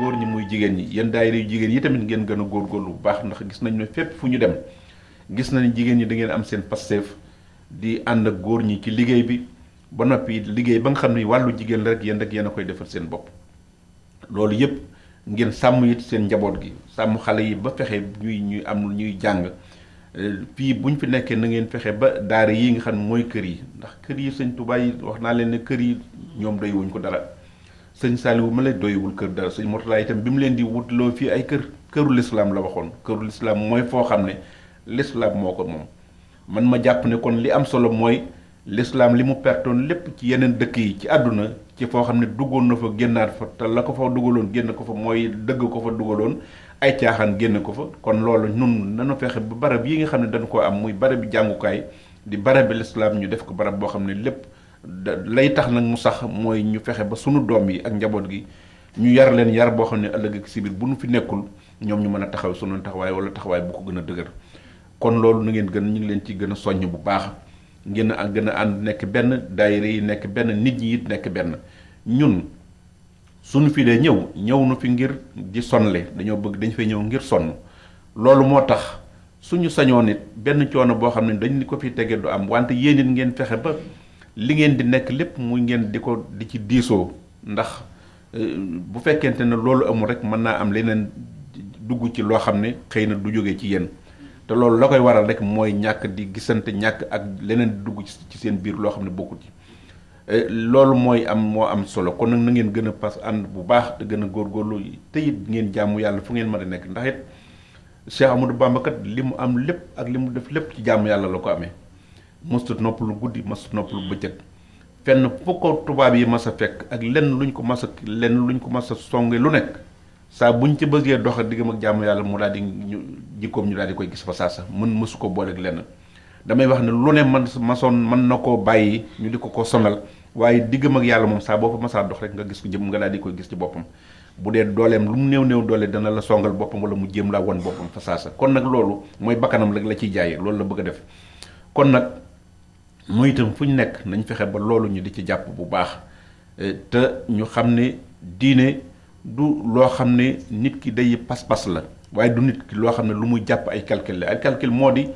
góor ñi muy jigéen ñi yéen daayira yu jigéen yi tamit ngeen gën a góorgóorlu bu baax ndax gis nañ ne fépp fu ñu dem gis nañ jigéen ñi da ngeen am seen pasteef di ànd ak góor ñi ci liggéey bi ba noppi liggéey ba nga xam ne wàllu jigéen rek yéen rek yéen koy defal seen loolu yépp ngeen sàmm it seen njaboot gi sàmm xale yi ba fexe ñuy ñuy am ñuy jàng fii bu ñu fi nekkee na ngeen fexe ba daara yi nga xam ne mooy kër yi ndax kër yi sëñ Tuubaa wax naa leen ne kër yi ñoom doy ko dara sëñ Saliou ma la doyewul kër dara sëñ Mourtala itam bi mu leen di wutloo fii ay kër këru lislaam la waxoon këru lislaam mooy foo xam ne lislaam moo ko moom man ma jàpp ne kon li am solo mooy lislaam li mu pertoon lépp ci yeneen dëkk yi ci àdduna ci foo xam ne duggoon na fa génnaat fa te la ko fa dugaloon génn ko fa mooy dëgg ko fa dugaloon ay caaxaan génn ko fa kon loolu nun nu fexe ba barab yi nga xam ne dañu ko am muy barab bi jàngukaay di barab bi lislaam ñu def ko barab boo xam ne lépp lay tax nag mu sax mooy ñu fexe ba sunu doom yi ak njaboot gi ñu yar leen yar boo xam ne ëllëg ak si bu nu fi nekkul ñoom ñu mën a taxaw sunu taxawaay wala taxawaay bu ko gën a dëgër kon loolu na ngeen gën ñu ngi leen ci gën a soññ bu baax ngeen a gën a nekk benn daayira yi nekk benn nit ñi it nekk benn ñun suñu fi dee ñëw ñëw nu fi ngir di sonle dañoo bëgg dañ fay ñëw ngir sonn loolu moo tax suñu sañoo nit benn coono boo xam ne dañ ni ko fi tege du am wante yéen it ngeen fexe ba li ngeen di nekk lépp mu ngeen di ko di ci diisoo ndax euh, bu fekkente ne loolu amul rek mën naa am leneen dugg ci loo xam ne xëy na du jóge ci yéen te loolu la koy waral rek mooy ñàkk di gisante ñàkk ak leneen dugg ci seen biir loo xam ne bokkul ci euh, loolu mooy am moo am solo kon nag na ngeen gën a pas ànd bu baax te gën a góorgóorlu te it ngeen jaamu yàlla fu ngeen mën a nekk ndax it Cheikh Amadou li mu am lépp ak li mu def lépp ci jàmm yàlla la ko amee. mosut noppalu guddi mosut noppalu bëccëg fenn fu ko tubaab yi mas a fekk ak lenn luñ ko mas a lenn luñ ko mas a lu nekk saa bu ñu ci bëggee doxa diggam ak jàmm yàlla mu daal di ñu jikkoom ñu daal di koy gis fa saasa mën mësu ko booleeg lenn damay wax ne lu ne man masoon mën na koo bàyyi ñu di ko ko sonal waaye diggam ak yàlla moom saa boo fa masaa dox rek nga gis ko jëm nga daal di koy gis ci boppam bu dee dooleem lu mu néew néew doole dana la songal boppam wala mu jéem laa won boppam fa saasa kon nag loolu mooy bakkanam rek la ciy jaayee loolu la bëgg a def kon nag mu itam fu ñu nekk nañ fexe ba loolu ñu di ci jàpp bu baax eh, te ñu xam ne diine du loo xam ne nit ki day pas-pas la waaye du nit ki loo xam ne lu mu jàpp ay calcul la ay calcul moo di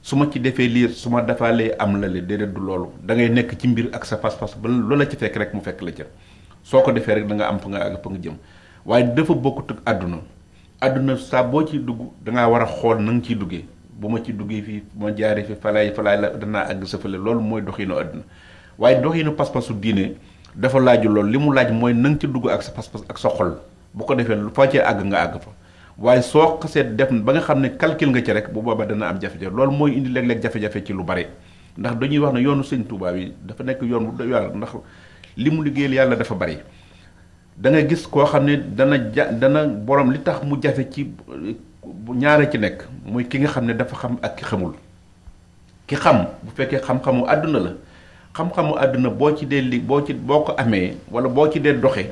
su ma ci defee lii su ma defaalee am la le déedéet du loolu dangay nekk ci mbir ak sa pas-pas ba loo la ci fekk rek mu fekk la ca soo ko defee rek da nga am fa nga àgg nga jëm waaye dafa bokkut ak àdduna àdduna saa boo ciy dugg da ngaa war a xool na ciy duggee. bu ma ci duggee fii bu ma jaaree fi falaay falaay la danaa àgg safale loolu mooy doxinu àdduna waaye doxinu pas-pasu diine dafa laaju loolu li mu laaj mooy na nga ci dugg ak sa pas-pas ak sa xol bu ko defee lu fa cee àgg nga àgg fa waaye soo xasee def ba nga xam ne calcul nga ci rek bu boobaa dana am jafe-jafe loolu mooy indi léeg-léeg jafe-jafe ci lu bare ndax dañuy wax ne yoonu sëñ Tuubaa yi dafa nekk yoon bu doy waar ndax li mu liggéey yàlla dafa bari da nga gis koo xam ne dana ja dana borom li tax mu jafe ci bu ñaare ci nekk muy ki nga xam ne dafa xam ak ki xamul ki xam bu fekkee xam-xamu àdduna la xam-xamu àdduna boo ci dee li boo ci boo ko amee wala boo ci dee doxe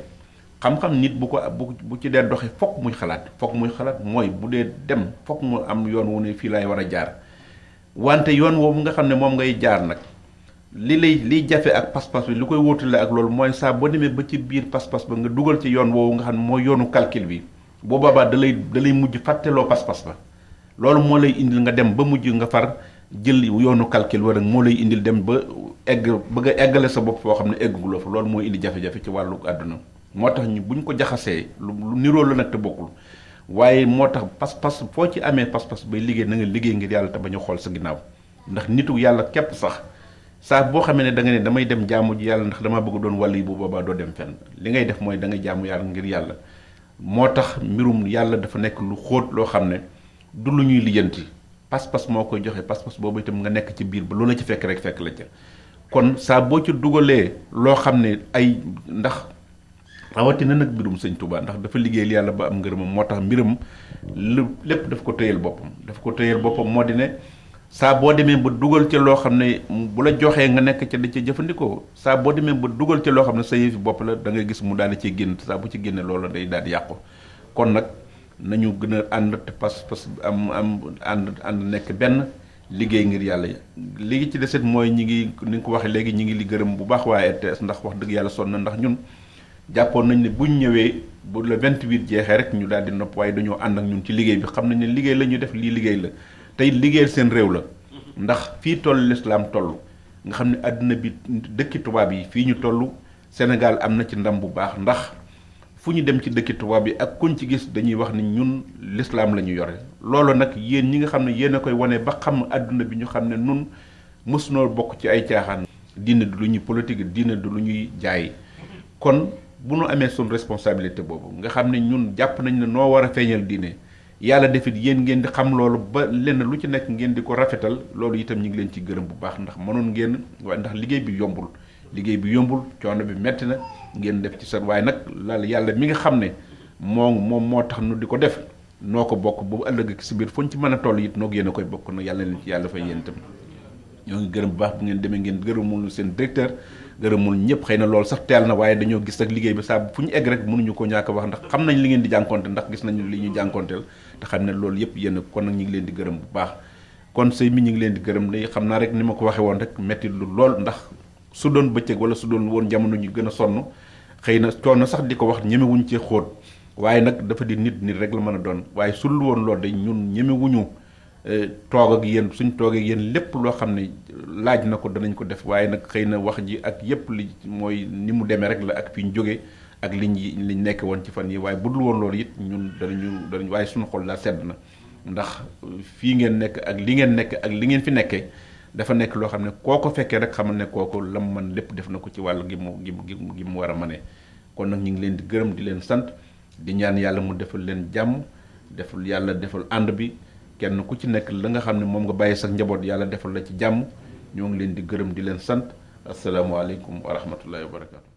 xam-xam nit bu ko bu ci dee doxe fokk muy xalaat fokk muy xalaat mooy bu dee dem fokk mu am yoon wu ne fii laay war a jaar wante yoon woowu nga xam ne moom ngay jaar nag li lay liy jafe ak pas-pas bi li koy wóotale ak loolu mooy saa boo demee ba ci biir pas-pas ba nga dugal ci yoon woowu nga xam ne mooy yoonu calcul bi boo boobaa da lay mujj fàtteloo pas-pas ba loolu moo lay indil nga dem ba mujj nga far jël yoonu calcul war ak moo lay indil dem ba egg bëgg a bopp foo xam ne egguloo fa loolu mooy indi jafe ci wàllu àdduna moo tax ñu buñ ko jaxasee lu niroo la nag te bokkul waaye moo tax pas-pas foo ci amee pas-pas bay liggéey na liggéey ngir yàlla te bañ a sa ginnaaw ndax nitu yàlla képp sax saa boo xamee ne da nga damay dem jaamu ji yàlla ndax damaa bëgg doon wàll yi bu boobaa doo dem fen li ngay def mooy da nga jaamu yàlla ngir yàlla moo tax mbirum yàlla dafa nekk lu xóot loo xam ne du lu ñuy lijjanti pas-pas moo ko joxe pas-pas boobu itam nga nekk ci biir ba loola ci fekk rek fekk la ca kon saa boo ci dugalee loo xam ne ay ndax rawatina nag mbirum sëñ Touba ndax dafa liggéey li yàlla ba am ngërëmam moo tax mbiram lu lépp daf ko tëyal boppam daf ko téyel boppam moo di ne saa boo demee ba dugal ca loo xam ne bu la joxee nga nekk ca di ci jëfandikoo saa boo demee ba dugal ca loo xam ne sa yëfi bopp la da ngay gis mu daal di ciy génn saa bu ci génne loola day daal yàqu kon nag nañu gën a ànd te pas pas am am ànd ànd nekk benn liggéey ngir yàlla léegi ci deset mooy ñi ngi ni nga ko waxee léegi ñi ngi li gërëm bu baax waa ndax wax dëgg yàlla sonn na ndax ñun jàppoon nañ ne buñ ñëwee bu la 28 jeexee rek ñu daal di nopp waaye dañoo ànd ak ñun ci liggéey bi xam nañ ne liggéey la ñu def lii liggéey la tey liggéeyal seen réew la ndax fii toll lislaam tollu nga xam ne àdduna bi dëkki tubaab yi fii ñu toll Sénégal am na ci ndam bu baax ndax fu ñu dem ci dëkki tubaab yi ak kuñ ci gis dañuy wax ni ñun lislaam la ñu yore loolu nag yéen ñi nga xam ne yéen a koy wane ba xam àdduna bi ñu xam ne nun mësunoo bokk ci ay caaxaan diine du lu ñuy politique diine du lu ñuy jaay kon bu nu amee suñ responsabilité boobu nga xam ne ñun jàpp nañ ne noo war a feeñal diine yàlla defit yéen ngeen di xam loolu ba lenn lu ci nekk ngeen di ko rafetal loolu itam ñu ngi leen ci gërëm bu baax ndax mënoon ngeen waaye ndax liggéey bi yombul liggéey bi yombul coono bi metti na ngeen def ci seen waaye nag lal yàlla mi nga xam ne moo moom moo tax nu di ko def noo ko bokk bu ëllëg si biir fuñ ci mën a toll it noo génn koy bokk na yàlla leen ci yàlla fay yéen itam ñoo ngi gërëm bu baax bu ngeen demee ngeen gërëmul seen directeur gërëmul ñëpp xëy na loolu sax teel na waaye dañoo gis ak liggéey bi saa fu ñu egg rek mënuñu ko ñàkk wax ndax xam nañ li ngeen di jànkonte ndax gis nañu li ñu jànkonteel te xam ne loolu yëpp yéen kon nag ñu ngi leen di gërëm bu baax kon sëy mi ñu ngi leen di gërëm day xam naa rek ni ma ko waxe woon rek metti lu lool ndax su doon bëccëg wala su doon woon jamono ñu gën a sonn xëy na coono sax di ko wax ñemewuñ ci xóot waaye nag dafa di nit nit rek la mën a doon waaye sul woon loolu day ñun ñemewuñu toog ak yéen suñ toogee ak lépp loo xam ne laaj na ko danañ ko def waaye nag xëy na wax ji ak yépp li mooy ni mu demee rek la ak fi ñu jógee ak liñ liñ nekk woon ci fan yi waaye bu dul woon loolu it ñun danañu danañ waaye suñu xol sedd na ndax fii ngeen nekk ak li ngeen nekk ak li ngeen fi nekkee dafa nekk loo xam ne koo ko fekkee rek xamal ne ko lam man lépp def na ko ci wàll gi mu gi mu gi mu war a mane kon nag ñu ngi leen di gërëm di leen sant di ñaan yàlla mu defal leen jàmm defal yàlla defal ànd bi kenn ku ci nekk la nga xam ne moom nga bàyyi sax njaboot yàlla defal la ci jàmm ñoo ngi leen di gërëm di leen sant asalaamualeykum wa rahmatullahi wa barakatu